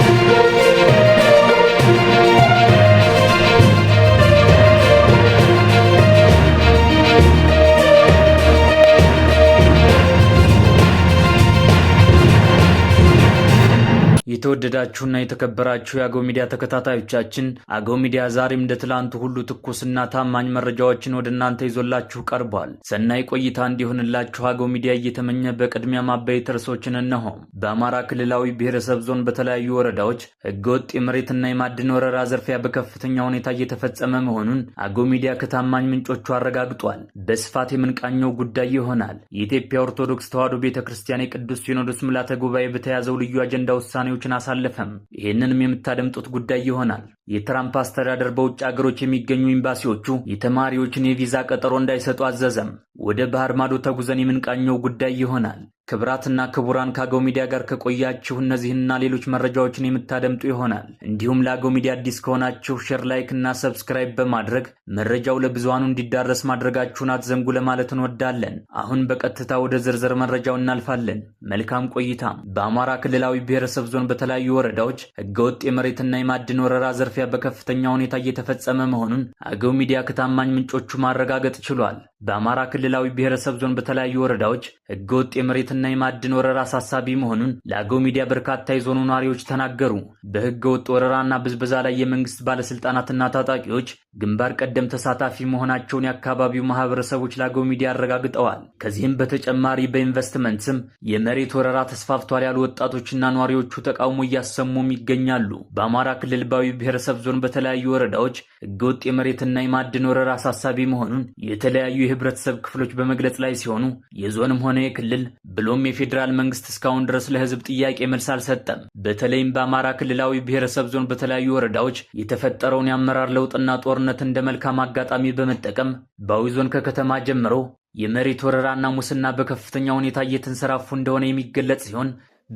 Música የተወደዳችሁና የተከበራችሁ የአገው ሚዲያ ተከታታዮቻችን አገው ሚዲያ ዛሬም እንደ ትላንቱ ሁሉ ትኩስና ታማኝ መረጃዎችን ወደ እናንተ ይዞላችሁ ቀርቧል። ሰናይ ቆይታ እንዲሆንላችሁ አገው ሚዲያ እየተመኘ በቅድሚያ ማበይት ርዕሶችን እነሆ። በአማራ ክልላዊ ብሔረሰብ ዞን በተለያዩ ወረዳዎች ህገወጥ የመሬትና የማዕድን ወረራ ዘርፊያ በከፍተኛ ሁኔታ እየተፈጸመ መሆኑን አገው ሚዲያ ከታማኝ ምንጮቹ አረጋግጧል። በስፋት የምንቃኘው ጉዳይ ይሆናል። የኢትዮጵያ ኦርቶዶክስ ተዋሕዶ ቤተ ክርስቲያን የቅዱስ ሲኖዶስ ምልዓተ ጉባኤ በተያዘው ልዩ አጀንዳ ውሳኔዎች ሰዎችን አሳለፈም። ይህንንም የምታደምጡት ጉዳይ ይሆናል። የትራምፕ አስተዳደር በውጭ አገሮች የሚገኙ ኤምባሲዎቹ የተማሪዎችን የቪዛ ቀጠሮ እንዳይሰጡ አዘዘም። ወደ ባህር ማዶ ተጉዘን የምንቃኘው ጉዳይ ይሆናል። ክብራትና ክቡራን ከአገው ሚዲያ ጋር ከቆያችሁ እነዚህና ሌሎች መረጃዎችን የምታደምጡ ይሆናል። እንዲሁም ለአገው ሚዲያ አዲስ ከሆናችሁ ሼር፣ ላይክ እና ሰብስክራይብ በማድረግ መረጃው ለብዙሃኑ እንዲዳረስ ማድረጋችሁን አትዘንጉ ለማለት እንወዳለን። አሁን በቀጥታ ወደ ዝርዝር መረጃው እናልፋለን። መልካም ቆይታም። በአማራ ክልላዊ ብሔረሰብ ዞን በተለያዩ ወረዳዎች ህገወጥ የመሬትና የማዕድን ወረራ፣ ዘርፊያ በከፍተኛ ሁኔታ እየተፈጸመ መሆኑን አገው ሚዲያ ከታማኝ ምንጮቹ ማረጋገጥ ችሏል። በአማራ ክልላዊ ብሔረሰብ ዞን በተለያዩ ወረዳዎች ህገወጥ የመሬትና የማዕድን ወረራ አሳሳቢ መሆኑን ለአገው ሚዲያ በርካታ የዞኑ ነዋሪዎች ተናገሩ። በህገወጥ ወረራና ብዝበዛ ላይ የመንግስት ባለስልጣናትና ታጣቂዎች ግንባር ቀደም ተሳታፊ መሆናቸውን የአካባቢው ማህበረሰቦች ለአገው ሚዲያ አረጋግጠዋል። ከዚህም በተጨማሪ በኢንቨስትመንት ስም የመሬት ወረራ ተስፋፍቷል ያሉ ወጣቶችና ነዋሪዎቹ ተቃውሞ እያሰሙም ይገኛሉ። በአማራ ክልል ባዊ ብሔረሰብ ዞን በተለያዩ ወረዳዎች ህገወጥ የመሬትና የማዕድን ወረራ አሳሳቢ መሆኑን የተለያዩ የህብረተሰብ ክፍሎች በመግለጽ ላይ ሲሆኑ የዞንም ሆነ የክልል ብሎም የፌዴራል መንግስት እስካሁን ድረስ ለህዝብ ጥያቄ መልስ አልሰጠም። በተለይም በአማራ ክልላዊ ብሔረሰብ ዞን በተለያዩ ወረዳዎች የተፈጠረውን የአመራር ለውጥና ጦርነት እንደ መልካም አጋጣሚ በመጠቀም በአዊ ዞን ከከተማ ጀምሮ የመሬት ወረራና ሙስና በከፍተኛ ሁኔታ እየተንሰራፉ እንደሆነ የሚገለጽ ሲሆን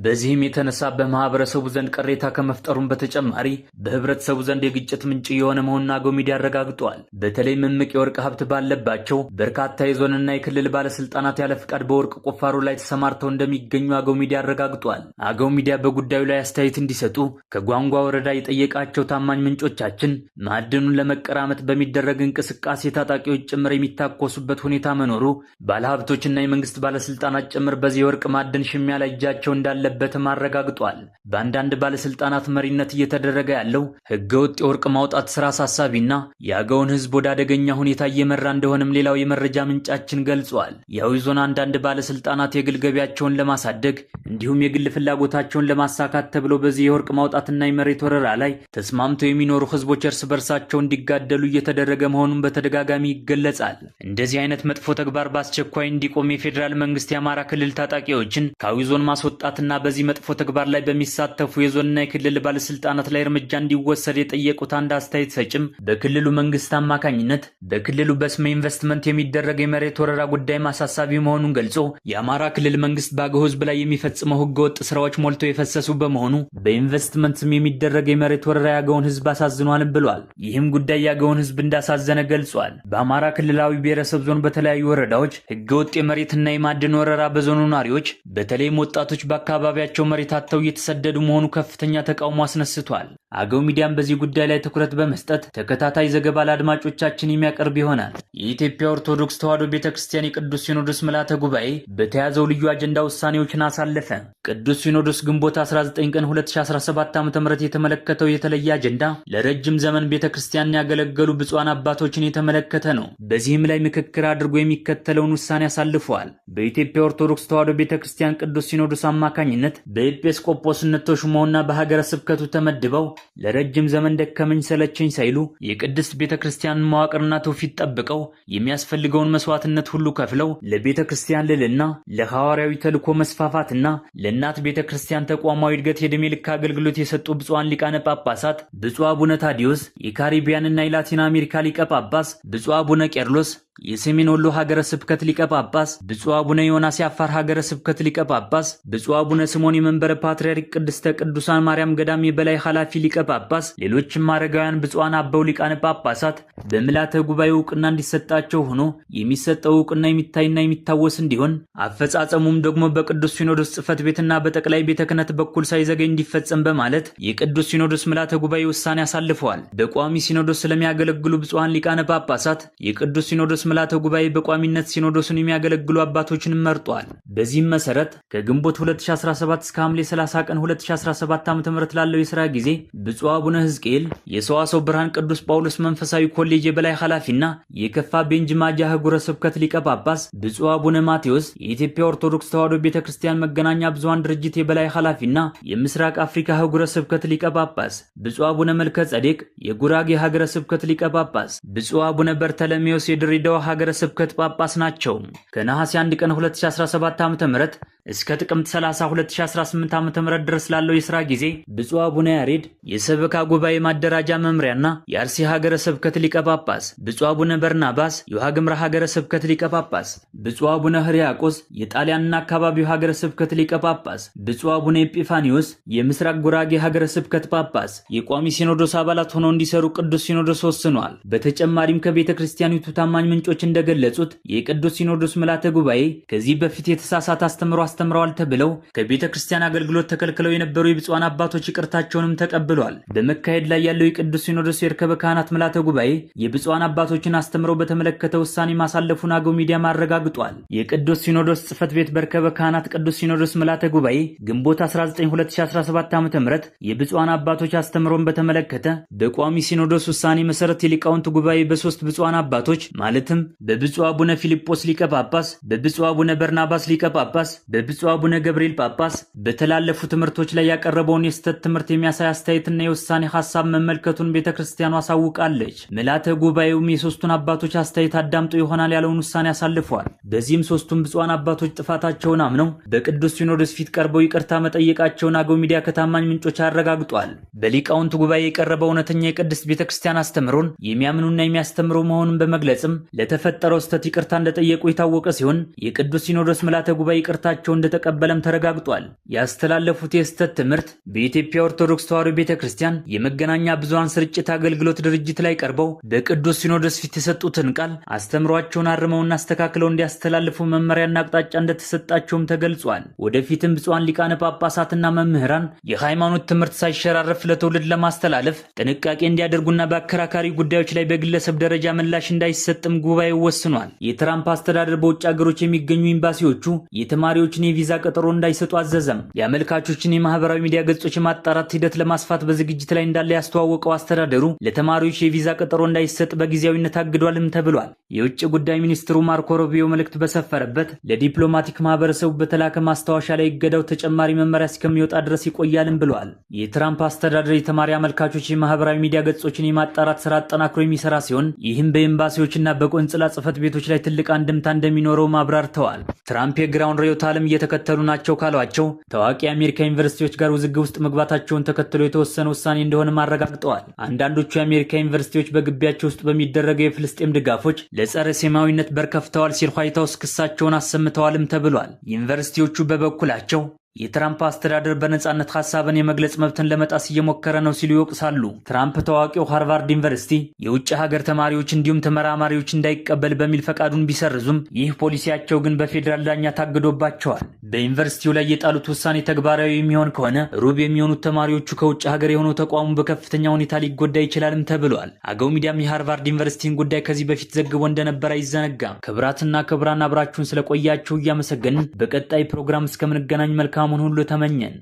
በዚህም የተነሳ በማህበረሰቡ ዘንድ ቅሬታ ከመፍጠሩም በተጨማሪ በህብረተሰቡ ዘንድ የግጭት ምንጭ የሆነ መሆኑን አገው ሚዲያ አረጋግጧል። በተለይ እምቅ የወርቅ ሀብት ባለባቸው በርካታ የዞንና የክልል ባለስልጣናት ያለ ፍቃድ በወርቅ ቁፋሮ ላይ ተሰማርተው እንደሚገኙ አገው ሚዲያ አረጋግጧል። አገው ሚዲያ በጉዳዩ ላይ አስተያየት እንዲሰጡ ከጓንጓ ወረዳ የጠየቃቸው ታማኝ ምንጮቻችን ማዕድኑን ለመቀራመጥ በሚደረግ እንቅስቃሴ ታጣቂዎች ጭምር የሚታኮሱበት ሁኔታ መኖሩ ባለሀብቶችና የመንግስት ባለስልጣናት ጭምር በዚህ የወርቅ ማዕድን ሽሚያ ላይ እጃቸው እንዳለ እንዳለበትም አረጋግጧል። በአንዳንድ ባለስልጣናት መሪነት እየተደረገ ያለው ህገወጥ የወርቅ ማውጣት ስራ አሳሳቢና የአገውን ህዝብ ወደ አደገኛ ሁኔታ እየመራ እንደሆነም ሌላው የመረጃ ምንጫችን ገልጿል። የአዊ ዞን አንዳንድ ባለስልጣናት የግል ገቢያቸውን ለማሳደግ እንዲሁም የግል ፍላጎታቸውን ለማሳካት ተብሎ በዚህ የወርቅ ማውጣትና የመሬት ወረራ ላይ ተስማምተው የሚኖሩ ህዝቦች እርስ በርሳቸው እንዲጋደሉ እየተደረገ መሆኑን በተደጋጋሚ ይገለጻል። እንደዚህ አይነት መጥፎ ተግባር በአስቸኳይ እንዲቆም የፌዴራል መንግስት የአማራ ክልል ታጣቂዎችን ከአዊ ዞን ማስወጣትና በማውጣትና በዚህ መጥፎ ተግባር ላይ በሚሳተፉ የዞንና የክልል ባለስልጣናት ላይ እርምጃ እንዲወሰድ የጠየቁት አንድ አስተያየት ሰጭም በክልሉ መንግስት አማካኝነት በክልሉ በስመ ኢንቨስትመንት የሚደረግ የመሬት ወረራ ጉዳይ ማሳሳቢ መሆኑን ገልጾ የአማራ ክልል መንግስት በአገው ህዝብ ላይ የሚፈጽመው ህገወጥ ስራዎች ሞልቶ የፈሰሱ በመሆኑ በኢንቨስትመንት ስም የሚደረግ የመሬት ወረራ የአገውን ህዝብ አሳዝኗል ብሏል። ይህም ጉዳይ የአገውን ህዝብ እንዳሳዘነ ገልጿል። በአማራ ክልላዊ ብሔረሰብ ዞን በተለያዩ ወረዳዎች ህገወጥ የመሬትና የማዕድን ወረራ በዞኑ ኗሪዎች በተለይም ወጣቶች በአካባቢ ከአካባቢያቸው መሬት አጥተው እየተሰደዱ መሆኑ ከፍተኛ ተቃውሞ አስነስቷል። አገው ሚዲያም በዚህ ጉዳይ ላይ ትኩረት በመስጠት ተከታታይ ዘገባ ለአድማጮቻችን የሚያቀርብ ይሆናል። የኢትዮጵያ ኦርቶዶክስ ተዋሕዶ ቤተ ክርስቲያን የቅዱስ ሲኖዶስ ምልዓተ ጉባኤ በተያዘው ልዩ አጀንዳ ውሳኔዎችን አሳለፈ። ቅዱስ ሲኖዶስ ግንቦት 19 ቀን 2017 ዓ ም የተመለከተው የተለየ አጀንዳ ለረጅም ዘመን ቤተ ክርስቲያንን ያገለገሉ ብፁዓን አባቶችን የተመለከተ ነው። በዚህም ላይ ምክክር አድርጎ የሚከተለውን ውሳኔ አሳልፈዋል። በኢትዮጵያ ኦርቶዶክስ ተዋሕዶ ቤተ ክርስቲያን ቅዱስ ሲኖዶስ አማካኝ በቀዳሚነት በኤጲስቆጶስነት ተሹመውና በሀገረ ስብከቱ ተመድበው ለረጅም ዘመን ደከመኝ ሰለቸኝ ሳይሉ የቅድስት ቤተ ክርስቲያን መዋቅርና ትውፊት ጠብቀው የሚያስፈልገውን መስዋዕትነት ሁሉ ከፍለው ለቤተ ክርስቲያን ልልና ለሐዋርያዊ ተልኮ መስፋፋትና ለእናት ቤተ ክርስቲያን ተቋማዊ እድገት የዕድሜ ልክ አገልግሎት የሰጡ ብፁዓን ሊቃነ ጳጳሳት ብፁዕ አቡነ ታዲዮስ የካሪቢያንና የላቲን አሜሪካ ሊቀ ጳጳስ፣ ብፁዕ አቡነ ቄርሎስ የሰሜን ወሎ ሀገረ ስብከት ሊቀ ጳጳስ ብፁዕ አቡነ ዮናስ የአፋር ሀገረ ስብከት ሊቀ ጳጳስ፣ ብፁዕ አቡነ ስሞን የመንበረ ፓትርያርክ ቅድስተ ቅዱሳን ማርያም ገዳም የበላይ ኃላፊ ሊቀ ጳጳስ፣ ሌሎችም አረጋውያን ብፁዓን አበው ሊቃነ ጳጳሳት በምልዓተ ጉባኤ እውቅና እንዲሰጣቸው ሆኖ የሚሰጠው እውቅና የሚታይና የሚታወስ እንዲሆን አፈጻጸሙም ደግሞ በቅዱስ ሲኖዶስ ጽፈት ቤትና በጠቅላይ ቤተ ክህነት በኩል ሳይዘገኝ እንዲፈጸም በማለት የቅዱስ ሲኖዶስ ምልዓተ ጉባኤ ውሳኔ አሳልፈዋል። በቋሚ ሲኖዶስ ስለሚያገለግሉ ብፁዓን ሊቃነ ጳጳሳት የቅዱስ ሲኖዶስ ቅዱስ ምልዓተ ጉባኤ በቋሚነት ሲኖዶሱን የሚያገለግሉ አባቶችን መርጧል። በዚህም መሰረት ከግንቦት 2017 እስከ ሐምሌ 30 ቀን 2017 ዓ ም ላለው የሥራ ጊዜ ብፁዕ አቡነ ሕዝቅኤል የሰዋሰው ብርሃን ቅዱስ ጳውሎስ መንፈሳዊ ኮሌጅ የበላይ ኃላፊና የከፋ ቤንጅ ማጃ ህጉረ ስብከት ሊቀ ጳጳስ፣ ብፁዕ አቡነ ማቴዎስ የኢትዮጵያ ኦርቶዶክስ ተዋሕዶ ቤተ ክርስቲያን መገናኛ ብዙሃን ድርጅት የበላይ ኃላፊና የምስራቅ አፍሪካ ህጉረ ስብከት ሊቀ ጳጳስ፣ ብፁዕ አቡነ መልከ ጸዴቅ የጉራጌ ሀገረ ስብከት ሊቀ ጳጳስ፣ ብፁዕ አቡነ በርተለሜዎስ የድሬዳዋ የአድዋ ሀገረ ስብከት ጳጳስ ናቸው። ከነሐሴ 1 ቀን 2017 ዓ.ም እስከ ጥቅምት 30 2018 ም ድረስ ላለው የሥራ ጊዜ ብፁዕ አቡነ ያሬድ የሰበካ ጉባኤ ማደራጃ መምሪያና የአርሲ ሀገረ ስብከት ሊቀ ጳጳስ፣ ብፁዕ አቡነ በርናባስ የዋግምራ ሀገረ ስብከት ሊቀ ጳጳስ፣ ብፁዕ አቡነ ህርያቆስ የጣሊያንና አካባቢው ሀገረ ስብከት ሊቀ ጳጳስ፣ ብፁዕ አቡነ ኤጲፋኒዎስ የምስራቅ ጉራጌ ሀገረ ስብከት ጳጳስ የቋሚ ሲኖዶስ አባላት ሆነው እንዲሰሩ ቅዱስ ሲኖዶስ ወስኗል። በተጨማሪም ከቤተ ክርስቲያኒቱ ታማኝ ምንጮች እንደገለጹት የቅዱስ ሲኖዶስ ምልዓተ ጉባኤ ከዚህ በፊት የተሳሳተ አስተምሮ አስተምረዋል ተብለው ከቤተ ክርስቲያን አገልግሎት ተከልክለው የነበሩ የብፁዓን አባቶች ይቅርታቸውንም ተቀብሏል። በመካሄድ ላይ ያለው የቅዱስ ሲኖዶስ የእርከበ ካህናት ምልዓተ ጉባኤ የብፁዓን አባቶችን አስተምረው በተመለከተ ውሳኔ ማሳለፉን አገው ሚዲያ ማረጋግጧል። የቅዱስ ሲኖዶስ ጽሕፈት ቤት በእርከበ ካህናት ቅዱስ ሲኖዶስ ምልዓተ ጉባኤ ግንቦት 192017 ዓ ም የብፁዓን አባቶች አስተምሮን በተመለከተ በቋሚ ሲኖዶስ ውሳኔ መሰረት የሊቃውንት ጉባኤ በሶስት ብፁዓን አባቶች ማለትም በብፁዕ አቡነ ፊልጶስ ሊቀ ጳጳስ፣ በብፁዕ አቡነ በርናባስ ሊቀ ጳጳስ፣ በብፁዕ አቡነ ገብርኤል ጳጳስ በተላለፉ ትምህርቶች ላይ ያቀረበውን የስህተት ትምህርት የሚያሳይ አስተያየትና የውሳኔ ሀሳብ መመልከቱን ቤተ ክርስቲያኗ አሳውቃለች። ምልዓተ ጉባኤውም የሶስቱን አባቶች አስተያየት አዳምጦ ይሆናል ያለውን ውሳኔ አሳልፏል። በዚህም ሶስቱም ብፁዓን አባቶች ጥፋታቸውን አምነው በቅዱስ ሲኖዶስ ፊት ቀርበው ይቅርታ መጠየቃቸውን አገው ሚዲያ ከታማኝ ምንጮች አረጋግጧል። በሊቃውንት ጉባኤ የቀረበ እውነተኛ የቅድስት ቤተ ክርስቲያን አስተምሮን የሚያምኑና የሚያስተምሩ መሆኑን በመግለጽም ለተፈጠረው ስህተት ይቅርታ እንደጠየቁ የታወቀ ሲሆን የቅዱስ ሲኖዶስ ምልዓተ ጉባኤ ይቅርታቸው ራሳቸው እንደተቀበለም ተረጋግጧል። ያስተላለፉት የስህተት ትምህርት በኢትዮጵያ ኦርቶዶክስ ተዋሕዶ ቤተ ክርስቲያን የመገናኛ ብዙሃን ስርጭት አገልግሎት ድርጅት ላይ ቀርበው በቅዱስ ሲኖዶስ ፊት የሰጡትን ቃል አስተምሯቸውን አርመውና አስተካክለው እንዲያስተላልፉ መመሪያና አቅጣጫ እንደተሰጣቸውም ተገልጿል። ወደፊትም ብፁዓን ሊቃነ ጳጳሳትና መምህራን የሃይማኖት ትምህርት ሳይሸራረፍ ለትውልድ ለማስተላለፍ ጥንቃቄ እንዲያደርጉና በአከራካሪ ጉዳዮች ላይ በግለሰብ ደረጃ ምላሽ እንዳይሰጥም ጉባኤው ወስኗል። የትራምፕ አስተዳደር በውጭ ሀገሮች የሚገኙ ኤምባሲዎቹ የተማሪዎችን አመልካቾችን የቪዛ ቀጠሮ እንዳይሰጡ አዘዘም። የአመልካቾችን የማህበራዊ ሚዲያ ገጾች የማጣራት ሂደት ለማስፋት በዝግጅት ላይ እንዳለ ያስተዋወቀው አስተዳደሩ ለተማሪዎች የቪዛ ቀጠሮ እንዳይሰጥ በጊዜያዊነት አግዷልም ተብሏል። የውጭ ጉዳይ ሚኒስትሩ ማርኮ ሮቢዮ መልእክት በሰፈረበት ለዲፕሎማቲክ ማህበረሰቡ በተላከ ማስታወሻ ላይ እገዳው ተጨማሪ መመሪያ እስከሚወጣ ድረስ ይቆያልም ብለዋል። የትራምፕ አስተዳደር የተማሪ አመልካቾች የማህበራዊ ሚዲያ ገጾችን የማጣራት ስራ አጠናክሮ የሚሰራ ሲሆን ይህም በኤምባሲዎችና በቆንጽላ ጽህፈት ቤቶች ላይ ትልቅ አንድምታ እንደሚኖረው ማብራርተዋል። ትራምፕ የግራውን ርዕዮተ ዓለም እየተከተሉ ናቸው ካሏቸው ታዋቂ የአሜሪካ ዩኒቨርሲቲዎች ጋር ውዝግብ ውስጥ መግባታቸውን ተከትሎ የተወሰነ ውሳኔ እንደሆነም አረጋግጠዋል። አንዳንዶቹ የአሜሪካ ዩኒቨርሲቲዎች በግቢያቸው ውስጥ በሚደረገው የፍልስጤም ድጋፎች ለጸረ ሴማዊነት በር ከፍተዋል ሲል ዋይት ሀውስ ክሳቸውን አሰምተዋልም ተብሏል። ዩኒቨርሲቲዎቹ በበኩላቸው የትራምፕ አስተዳደር በነጻነት ሀሳብን የመግለጽ መብትን ለመጣስ እየሞከረ ነው ሲሉ ይወቅሳሉ። ትራምፕ ታዋቂው ሃርቫርድ ዩኒቨርሲቲ የውጭ ሀገር ተማሪዎች እንዲሁም ተመራማሪዎች እንዳይቀበል በሚል ፈቃዱን ቢሰርዙም ይህ ፖሊሲያቸው ግን በፌዴራል ዳኛ ታግዶባቸዋል። በዩኒቨርሲቲው ላይ የጣሉት ውሳኔ ተግባራዊ የሚሆን ከሆነ ሩብ የሚሆኑት ተማሪዎቹ ከውጭ ሀገር የሆነው ተቋሙ በከፍተኛ ሁኔታ ሊጎዳ ይችላልም ተብሏል። አገው ሚዲያም የሃርቫርድ ዩኒቨርሲቲን ጉዳይ ከዚህ በፊት ዘግቦ እንደነበር አይዘነጋም። ክብራትና ክብራን አብራችሁን ስለቆያችሁ እያመሰገንን በቀጣይ ፕሮግራም እስከምንገናኝ መልካም መልካሙን ሁሉ ተመኘን።